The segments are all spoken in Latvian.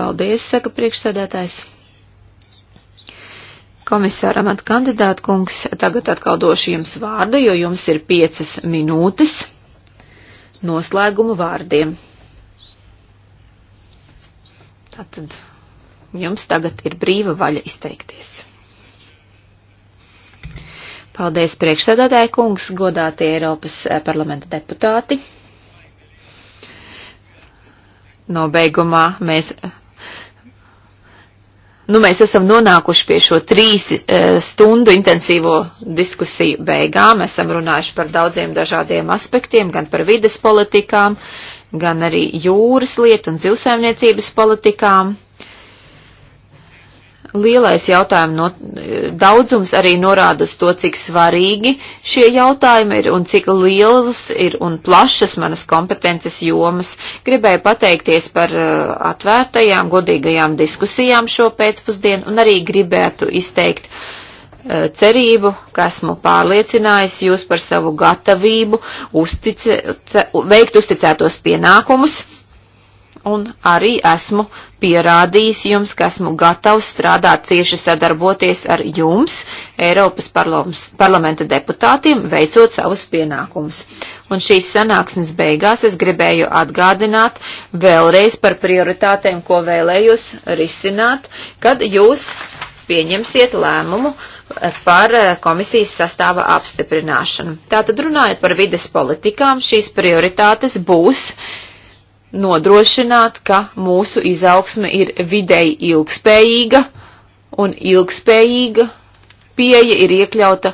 Paldies, saka priekšsēdētājs. Komisāram at kandidātu kungs, tagad atkal došu jums vārdu, jo jums ir piecas minūtes noslēgumu vārdiem. Tātad jums tagad ir brīva vaļa izteikties. Paldies priekšsēdētāji kungs, godātie Eiropas eh, parlamenta deputāti. Nobeigumā mēs Nu, mēs esam nonākuši pie šo trīs e, stundu intensīvo diskusiju beigām. Esam runājuši par daudziem dažādiem aspektiem, gan par vides politikām, gan arī jūras lietu un zivsaimniecības politikām. Lielais jautājumu no, daudzums arī norāda uz to, cik svarīgi šie jautājumi ir un cik lielas ir un plašas manas kompetences jomas. Gribēju pateikties par uh, atvērtajām, godīgajām diskusijām šo pēcpusdienu un arī gribētu izteikt uh, cerību, ka esmu pārliecinājis jūs par savu gatavību uztice, veikt uzticētos pienākumus un arī esmu pierādījis jums, ka esmu gatavs strādāt cieši sadarboties ar jums, Eiropas parlams, parlamenta deputātiem, veicot savus pienākumus. Un šīs sanāksmes beigās es gribēju atgādināt vēlreiz par prioritātēm, ko vēlējos risināt, kad jūs pieņemsiet lēmumu par eh, komisijas sastāva apstiprināšanu. Tātad runājot par vides politikām, šīs prioritātes būs nodrošināt, ka mūsu izaugsme ir videi ilgspējīga un ilgspējīga pieeja ir iekļauta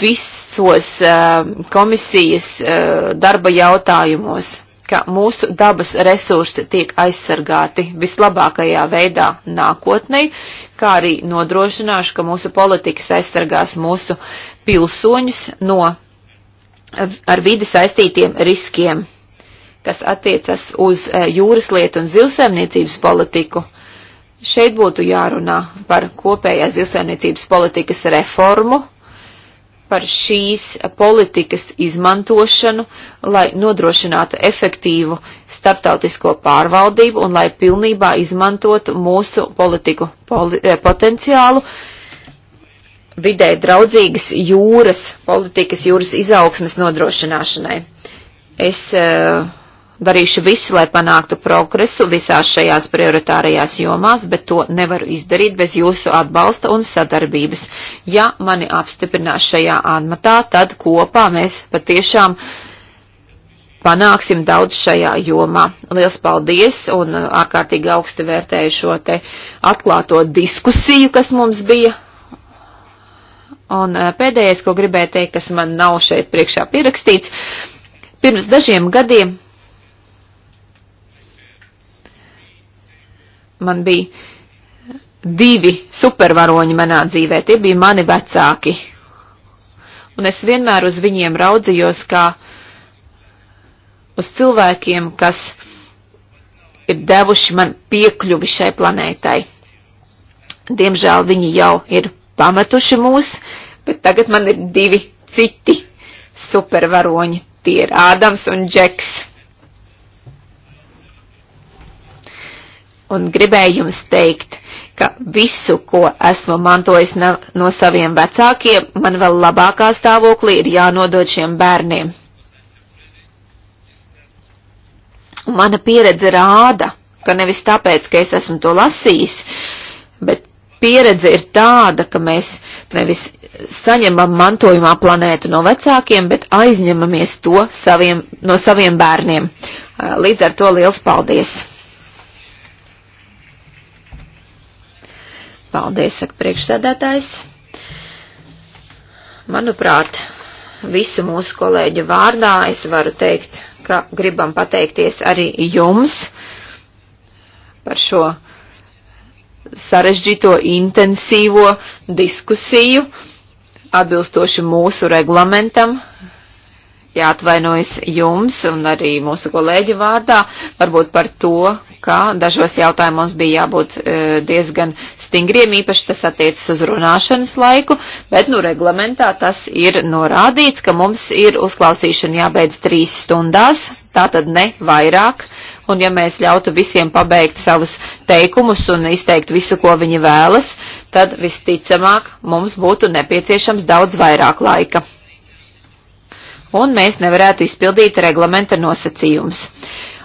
visos uh, komisijas uh, darba jautājumos, ka mūsu dabas resursi tiek aizsargāti vislabākajā veidā nākotnei, kā arī nodrošināšu, ka mūsu politikas aizsargās mūsu pilsoņus no eh, ar vidi saistītiem riskiem kas attiecas uz eh, jūras lietu un zivsaimniecības politiku. Šeit būtu jārunā par kopējās zivsaimniecības politikas reformu, par šīs politikas izmantošanu, lai nodrošinātu efektīvu starptautisko pārvaldību un lai pilnībā izmantotu mūsu politiku poli eh, potenciālu vidē draudzīgas jūras politikas, jūras izaugsmes nodrošināšanai. Es uh, Darīšu visu, lai panāktu progresu visās šajās prioritārajās jomās, bet to nevaru izdarīt bez jūsu atbalsta un sadarbības. Ja mani apstiprinās šajā amatā, tad kopā mēs patiešām panāksim daudz šajā jomā. Liels paldies un ārkārtīgi augsti vērtēju šo te atklāto diskusiju, kas mums bija. Un eh, pēdējais, ko gribēju teikt, kas man nav šeit priekšā pierakstīts, pirms dažiem gadiem man bija divi supervaroņi manā dzīvē, tie bija mani vecāki. Un es vienmēr uz viņiem raudzījos kā uz cilvēkiem, kas ir devuši man piekļuvi šai planētai. Diemžēl viņi jau ir pametuši mūs, bet tagad man ir divi citi supervaroņi. Tie ir Ādams un Džeks. un gribēju jums teikt, ka visu, ko esmu mantojis no saviem vecākiem, man vēl labākā stāvoklī ir jānodod šiem bērniem. Un mana pieredze rāda, ka nevis tāpēc, ka es esmu to lasījis, bet pieredze ir tāda, ka mēs nevis saņemam mantojumā planētu no vecākiem, bet aizņemamies to saviem, no saviem bērniem. Līdz ar to liels paldies! Paldies, saka priekšsēdētājs. Manuprāt, visu mūsu kolēģu vārdā es varu teikt, ka gribam pateikties arī jums par šo sarežģīto, intensīvo diskusiju atbilstoši mūsu reglamentam. Jāatvainojas jums un arī mūsu kolēģi vārdā varbūt par to, ka dažos jautājumos bija jābūt e, diezgan stingriem, īpaši tas attiecas uz runāšanas laiku, bet nu reglamentā tas ir norādīts, ka mums ir uzklausīšana jābeidz trīs stundās, tātad ne vairāk. Un ja mēs ļautu visiem pabeigt savus teikumus un izteikt visu, ko viņi vēlas, tad visticamāk mums būtu nepieciešams daudz vairāk laika. Un mēs nevarētu izpildīt reglamenta nosacījums.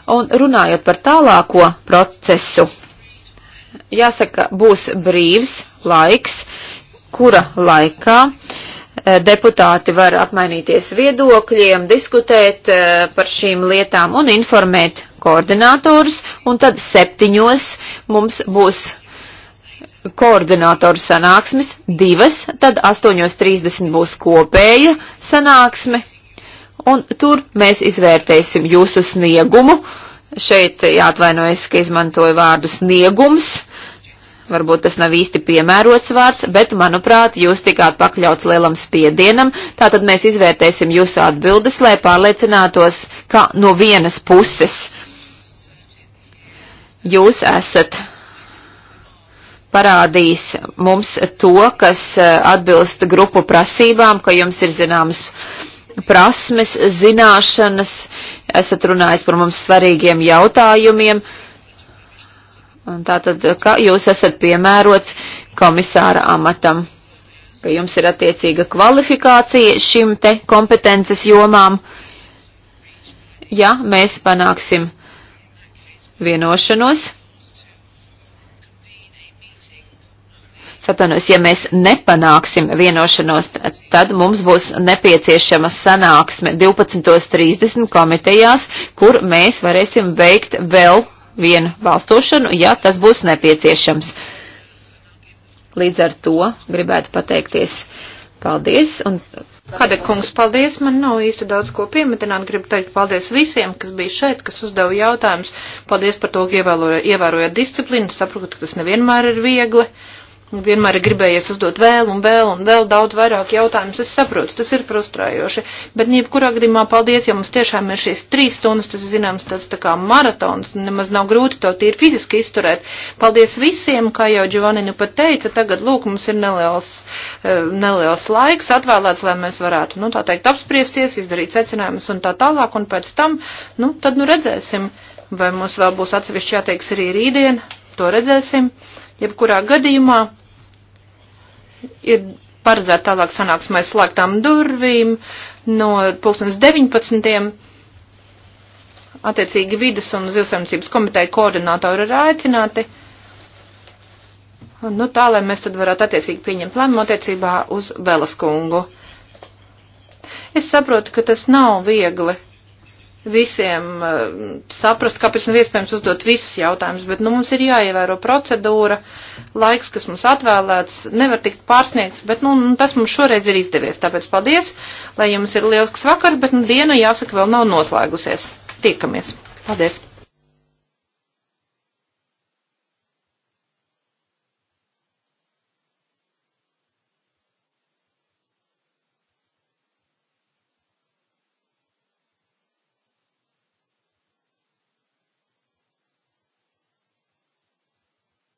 Un runājot par tālāko procesu, jāsaka, būs brīvs laiks, kura laikā e, deputāti var apmainīties viedokļiem, diskutēt e, par šīm lietām un informēt koordinātors, un tad septiņos mums būs koordinātoru sanāksmes, divas, tad 8.30 būs kopēja sanāksme, un tur mēs izvērtēsim jūsu sniegumu. Šeit jāatvainojas, ka izmantoju vārdu sniegums. Varbūt tas nav īsti piemērots vārds, bet, manuprāt, jūs tikāt pakļauts lielam spiedienam, tātad mēs izvērtēsim jūsu atbildes, lai pārliecinātos, ka no vienas puses jūs esat parādījis mums to, kas eh, atbilst grupu prasībām, ka jums ir zināmas uh, prasmes, zināšanas, esat runājis par mums svarīgiem jautājumiem. Un tātad, ka jūs esat piemērots komisāra amatam, ka jums ir attiecīga kvalifikācija šim te kompetences jomām. Ja mēs panāksim vienošanos. Satvainojos, ja mēs nepanāksim vienošanos, tad mums būs nepieciešama sanāksme 12.30 komitejās, kur mēs varēsim veikt vēl vienu balstošanu, ja tas būs nepieciešams. Līdz ar to gribētu pateikties paldies. Un... Kāda kungs, paldies, man nav īsti daudz ko piemetināt, gribu teikt paldies visiem, kas bija šeit, kas uzdeva jautājumus, paldies par to, ka ievērojat disciplīnu, saprotu, ka tas nevienmēr ir viegli Vienmēr ir gribējies uzdot vēl un vēl un vēl daudz vairāk jautājumus. Es saprotu, tas ir frustrējoši. Bet, ja kurā gadījumā paldies, jo mums tiešām ir šīs trīs stundas, tas zināms, tāds tā kā maratons, nemaz nav grūti to tīri fiziski izturēt. Paldies visiem, kā jau Giovanni nu pat teica, tagad, lūk, mums ir neliels, eh, neliels laiks atvēlēts, lai mēs varētu, nu, tā teikt, apspriesties, izdarīt secinājumus un tā tālāk, un pēc tam, nu, tad, nu, redzēsim, vai mums vēl būs atsevišķi jāteiks arī rītdien to redzēsim. Jebkurā gadījumā ir paredzēta tālāk sanāksmē slēgtām durvīm no 2019. Attiecīgi vidas un zivsaimniecības komiteja koordinātori ir aicināti. Nu, tā, lai mēs tad varētu attiecīgi pieņemt lēmumu attiecībā uz Velaskungu. Es saprotu, ka tas nav viegli visiem eh, saprast, kāpēc nav iespējams uzdot visus jautājumus, bet nu, mums ir jāievēro procedūra, laiks, kas mums atvēlēts, nevar tikt pārsniegts, bet nu, tas mums šoreiz ir izdevies. Tāpēc paldies, lai jums ir liels vakars, bet nu, diena jāsaka vēl nav noslēgusies. Tiekamies! Paldies!